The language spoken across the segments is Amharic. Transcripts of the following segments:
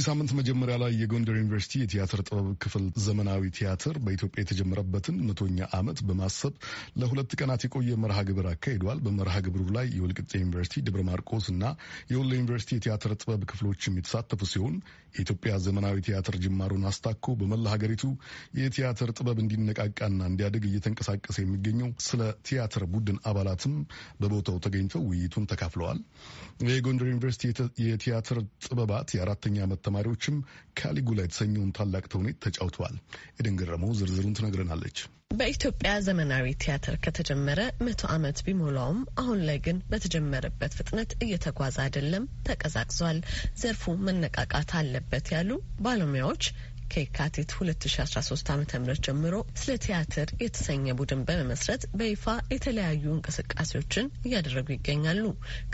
በዚህ ሳምንት መጀመሪያ ላይ የጎንደር ዩኒቨርሲቲ የቲያትር ጥበብ ክፍል ዘመናዊ ቲያትር በኢትዮጵያ የተጀመረበትን መቶኛ ዓመት በማሰብ ለሁለት ቀናት የቆየ መርሃ ግብር አካሂዷል። በመርሃ ግብሩ ላይ የወልቅጤ ዩኒቨርሲቲ፣ ደብረ ማርቆስ እና የወሎ ዩኒቨርሲቲ የቲያትር ጥበብ ክፍሎችም የተሳተፉ ሲሆን የኢትዮጵያ ዘመናዊ ቲያትር ጅማሩን አስታኮ በመላ ሀገሪቱ የቲያትር ጥበብ እንዲነቃቃና እንዲያድግ እየተንቀሳቀሰ የሚገኘው ስለ ቲያትር ቡድን አባላትም በቦታው ተገኝተው ውይይቱን ተካፍለዋል። የጎንደር ዩኒቨርሲቲ የቲያትር ጥበባት የአራተኛ ዓመት አስተማሪዎችም ካሊጉላ የተሰኘውን ታላቅ ተውኔት ተጫውተዋል። ኤደን ገረመው ዝርዝሩን ትነግረናለች። በኢትዮጵያ ዘመናዊ ቲያትር ከተጀመረ መቶ ዓመት ቢሞላውም አሁን ላይ ግን በተጀመረበት ፍጥነት እየተጓዘ አይደለም፣ ተቀዛቅዟል፣ ዘርፉ መነቃቃት አለበት ያሉ ባለሙያዎች ከየካቲት 2013 ዓ ም ጀምሮ ስለ ቲያትር የተሰኘ ቡድን በመመስረት በይፋ የተለያዩ እንቅስቃሴዎችን እያደረጉ ይገኛሉ።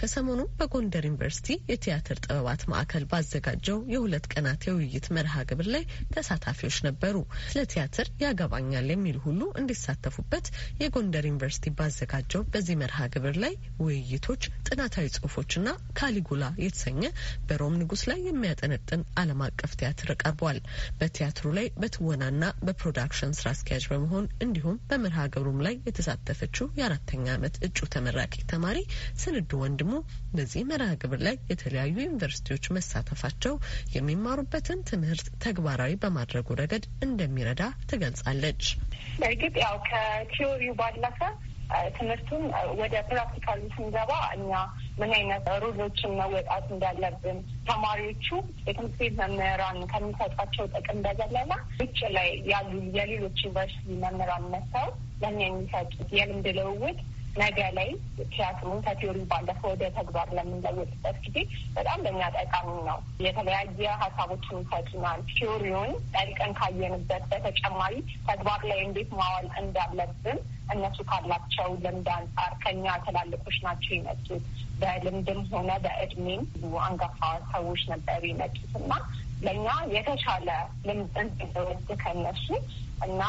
ከሰሞኑ በጎንደር ዩኒቨርሲቲ የቲያትር ጥበባት ማዕከል ባዘጋጀው የሁለት ቀናት የውይይት መርሃ ግብር ላይ ተሳታፊዎች ነበሩ። ስለ ቲያትር ያገባኛል የሚል ሁሉ እንዲሳተፉበት የጎንደር ዩኒቨርሲቲ ባዘጋጀው በዚህ መርሃ ግብር ላይ ውይይቶች፣ ጥናታዊ ጽሁፎችና ካሊጉላ የተሰኘ በሮም ንጉስ ላይ የሚያጠነጥን ዓለም አቀፍ ቲያትር ቀርቧል። በቲያትሩ ላይ በትወናና በፕሮዳክሽን ስራ አስኪያጅ በመሆን እንዲሁም በመርሃ ግብሩም ላይ የተሳተፈችው የአራተኛ ዓመት እጩ ተመራቂ ተማሪ ስንዱ ወንድሙ በዚህ መርሃ ግብር ላይ የተለያዩ ዩኒቨርሲቲዎች መሳተፋቸው የሚማሩበትን ትምህርት ተግባራዊ በማድረጉ ረገድ እንደሚረዳ ትገልጻለች። በእርግጥ ያው ከቲዮሪው ባለፈ ትምህርቱን ወደ ፕራክቲካሉ ስንገባ እኛ ምን አይነት ሩሎችን መወጣት እንዳለብን ተማሪዎቹ የትምህርት ቤት መምህራን ከሚሰጣቸው ጥቅም በዘለላ ውጭ ላይ ያሉ የሌሎች ዩኒቨርሲቲ መምህራን መጥተው ለእኛ የሚሰጡት የልምድ ልውውጥ ነገ ላይ ቲያትሩን ከቲዮሪ ባለፈ ወደ ተግባር ለምንለወጥበት ጊዜ በጣም ለእኛ ጠቃሚ ነው። የተለያየ ሀሳቦችን ይፈጅናል። ቲዮሪውን ጠልቀን ካየንበት በተጨማሪ ተግባር ላይ እንዴት ማዋል እንዳለብን እነሱ ካላቸው ልምድ አንጻር ከኛ ትላልቆች ናቸው የመጡት። በልምድም ሆነ በእድሜም አንጋፋ ሰዎች ነበር የመጡት እና ለእኛ የተሻለ ልምድ እንድንወስድ ከነሱ እና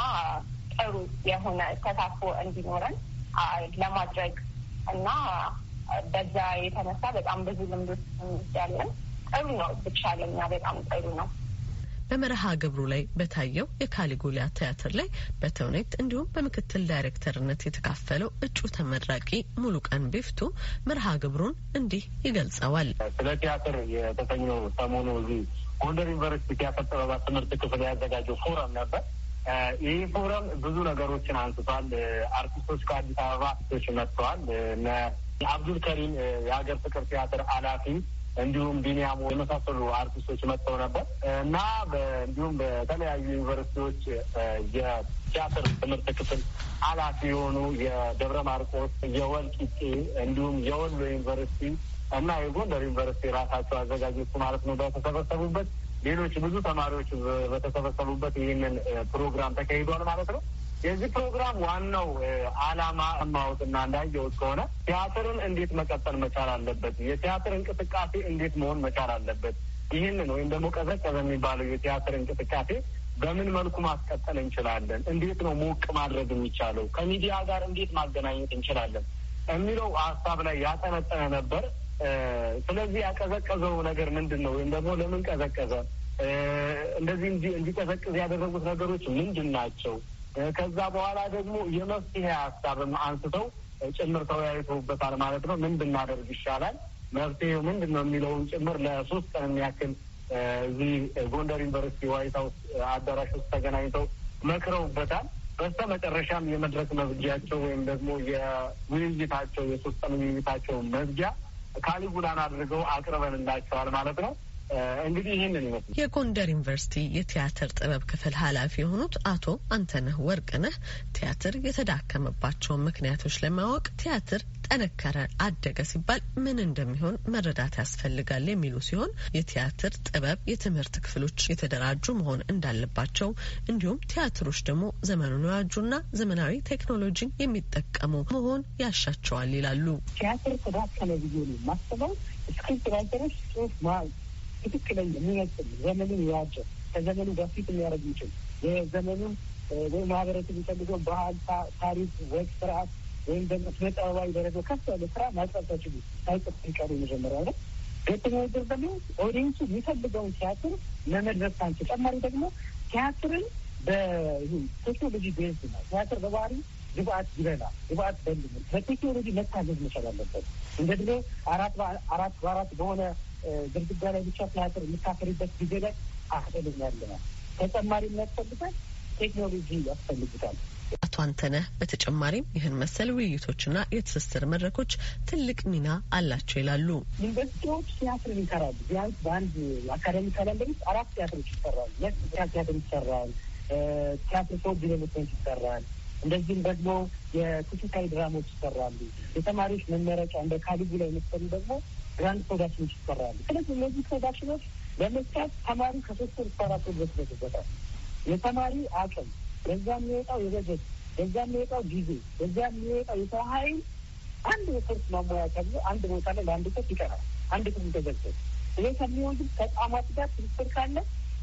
ጥሩ የሆነ ተሳትፎ እንዲኖረን ለማድረግ እና በዛ የተነሳ በጣም ብዙ ልምዶች ያለን ጥሩ ነው። ብቻ ለኛ በጣም ጥሩ ነው። በመርሃ ግብሩ ላይ በታየው የካሊጉላ ቲያትር ላይ በተውኔት እንዲሁም በምክትል ዳይሬክተርነት የተካፈለው እጩ ተመራቂ ሙሉ ቀን ቢፍቱ መርሃ ግብሩን እንዲህ ይገልጸዋል። ስለ ቲያትር የተሰኘው ሰሞኑ እዚህ ጎንደር ዩኒቨርሲቲ ቲያትር ጥበባት ትምህርት ክፍል ያዘጋጀው ፎረም ነበር። ይህ ፎረም ብዙ ነገሮችን አንስቷል። አርቲስቶች ከአዲስ አበባ አርቲስቶች መጥተዋል። አብዱል ከሪም የሀገር ፍቅር ቲያትር ኃላፊ እንዲሁም ቢኒያሙ የመሳሰሉ አርቲስቶች መጥተው ነበር እና እንዲሁም በተለያዩ ዩኒቨርሲቲዎች የቲያትር ትምህርት ክፍል ኃላፊ የሆኑ የደብረ ማርቆስ፣ የወልቂጤ እንዲሁም የወሎ ዩኒቨርሲቲ እና የጎንደር ዩኒቨርሲቲ ራሳቸው አዘጋጆች ማለት ነው በተሰበሰቡበት ሌሎች ብዙ ተማሪዎች በተሰበሰቡበት ይህንን ፕሮግራም ተካሂዷል ማለት ነው። የዚህ ፕሮግራም ዋናው ዓላማ ማወቅና እንዳየሁት ከሆነ ቲያትርን እንዴት መቀጠል መቻል አለበት፣ የቲያትር እንቅስቃሴ እንዴት መሆን መቻል አለበት፣ ይህንን ወይም ደግሞ ቀዘቀዘ የሚባለው የቲያትር እንቅስቃሴ በምን መልኩ ማስቀጠል እንችላለን፣ እንዴት ነው ሞቅ ማድረግ የሚቻለው፣ ከሚዲያ ጋር እንዴት ማገናኘት እንችላለን የሚለው ሀሳብ ላይ ያጠነጠነ ነበር። ስለዚህ ያቀዘቀዘው ነገር ምንድን ነው? ወይም ደግሞ ለምን ቀዘቀዘ? እንደዚህ እንዲቀዘቅዝ ያደረጉት ነገሮች ምንድን ናቸው? ከዛ በኋላ ደግሞ የመፍትሄ ሀሳብም አንስተው ጭምር ተወያይተውበታል ማለት ነው። ምን ብናደርግ ይሻላል፣ መፍትሄው ምንድን ነው የሚለውን ጭምር ለሶስት ቀን የሚያክል እዚህ ጎንደር ዩኒቨርሲቲ ዋይት ሀውስ አዳራሽ ውስጥ ተገናኝተው መክረውበታል። በስተ መጨረሻም የመድረክ መዝጊያቸው ወይም ደግሞ የውይይታቸው የሶስት ቀን ውይይታቸው መዝጊያ ካሊጉላን አድርገው አቅርበንላቸዋል ማለት ነው። እንግዲህ ይህንን ይመስል የጎንደር ዩኒቨርሲቲ የቲያትር ጥበብ ክፍል ኃላፊ የሆኑት አቶ አንተነህ ወርቅነህ ቲያትር የተዳከመባቸውን ምክንያቶች ለማወቅ ቲያትር ጠነከረ፣ አደገ ሲባል ምን እንደሚሆን መረዳት ያስፈልጋል የሚሉ ሲሆን የቲያትር ጥበብ የትምህርት ክፍሎች የተደራጁ መሆን እንዳለባቸው እንዲሁም ቲያትሮች ደግሞ ዘመኑን የዋጁና ዘመናዊ ቴክኖሎጂን የሚጠቀሙ መሆን ያሻቸዋል ይላሉ። ቲያትር ተዳከለ ብዬ ማስበው የማስበው። ስክሪፕት ራይተሮች ጽሁፍ መሀል ትክክለኛ የሚመጥን ዘመኑን የዋጀ ከዘመኑ በፊት የሚያደርግ ይችል የዘመኑን ወይ ማህበረሰብ የሚፈልገውን ባህል፣ ታሪክ፣ ወግ ስርአት ወይም ደግሞ ስነ ስነጠባባዊ ደረጃ ከፍ ያለ ስራ ማቅረብ ተችሉ ሳይቀር ሲቀሩ መጀመሪያ ነው። ሁለተኛ ነገር ደግሞ ኦዲየንሱ የሚፈልገውን ቲያትር ለመድረስ ታንች ተጨማሪ ደግሞ ቲያትርን በቴክኖሎጂ ቤዝ ነው። ቲያትር በባህሪ ግብአት ይበላ ግብአት በል በቴክኖሎጂ መታገዝ መቻል አለበት። እንደ ድሮ አራት አራት በአራት በሆነ ግድግዳ ላይ ብቻ ቲያትር የሚካፈልበት ጊዜ ላይ አስፈልግ ያለ ነው። ተጨማሪ የሚያስፈልጋል ቴክኖሎጂ ያስፈልግታል። አቶ አንተነህ በተጨማሪም ይህን መሰል ውይይቶችና የትስስር መድረኮች ትልቅ ሚና አላቸው ይላሉ። ዩኒቨርሲቲዎች ቲያትር ይሰራሉ። ቢያንስ በአንድ አካደሚ ካለን ደግሞ አራት ቲያትሮች ይሰራሉ። ነት ቲያትር ይሰራል። ቲያትር ሰው ቢለመቶች ይሰራል። እንደዚህም ደግሞ የክሱታዊ ድራሞች ይሰራሉ። የተማሪዎች መመረቂያ እንደ ካሊጉ ላይ መሰሉ ደግሞ ግራንድ ፕሮዳክሽኖች ይሰራሉ። ስለዚህ እነዚህ ፕሮዳክሽኖች ለመስራት ተማሪ ከሶስት ወር እስከ አራት ወር ድረስ ይፈጅበታል። የተማሪ አቅም በዛ የሚወጣው የበጀት፣ በዛ የሚወጣው ጊዜ፣ በዛ የሚወጣው የሰው ኃይል አንድ ሪፖርት ማሟያ ተብሎ አንድ ቦታ ላይ ለአንድ ሰት ይቀራል። አንድ ክፍል ተዘግቶ ይህ ከሚሆን ግን ተቋማት ጋር ትስስር ካለ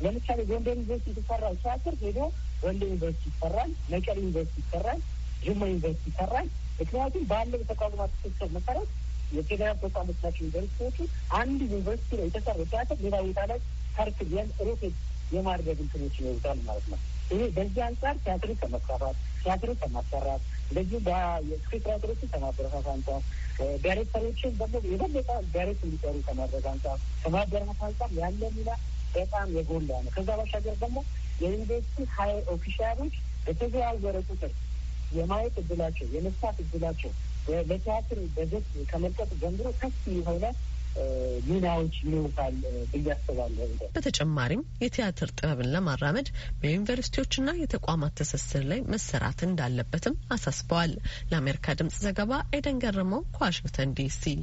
ለምሳሌ ጎንደር ዩኒቨርሲቲ የተሰራ ሲያስር ሄዶ ጎንደር ዩኒቨርሲቲ ይሰራል፣ መቀሌ ዩኒቨርሲቲ ይሰራል፣ ጅማ ዩኒቨርሲቲ ይሰራል። ምክንያቱም ባለው ተቋማት ትስስር መሰረት የፌዴራል ተቋሞች ናቸው ዩኒቨርሲቲዎቹ። አንድ ዩኒቨርሲቲ ላይ የተሰራ ሲያስር ሌላ ቦታ ላይ ታርክ ቢያን ሮቴት የማድረግ እንትኖች ይወጣል ማለት ነው። ይሄ በዚህ አንጻር ቲያትር ከመስፋፋት ቲያትር ከማሰራት እንደዚሁ ስክሪፕት ራይተሮችን ከማበረታት አንጻር ዳይሬክተሮችን ደግሞ የበለጠ ዳይሬክት እንዲጠሩ ከማድረግ አንጻር ከማበረታት አንጻር ያለ ሚና በጣም የጎላ ነው። ከዛ ባሻገር ደግሞ የዩኒቨርሲቲ ሀይ ኦፊሻሎች በተዘዋወረ ቁጥር የማየት እድላቸው የመስፋት እድላቸው ለቲያትር በጀት ከመልቀቅ ጀምሮ ከፍ የሆነ ሚናዎች ይኖሩታል ብዬ አስባለሁ። በተጨማሪም የቲያትር ጥበብን ለማራመድ በዩኒቨርሲቲዎችና የተቋማት ትስስር ላይ መሰራት እንዳለበትም አሳስበዋል። ለአሜሪካ ድምጽ ዘገባ ኤደን ገረመው ከዋሽንግተን ዲሲ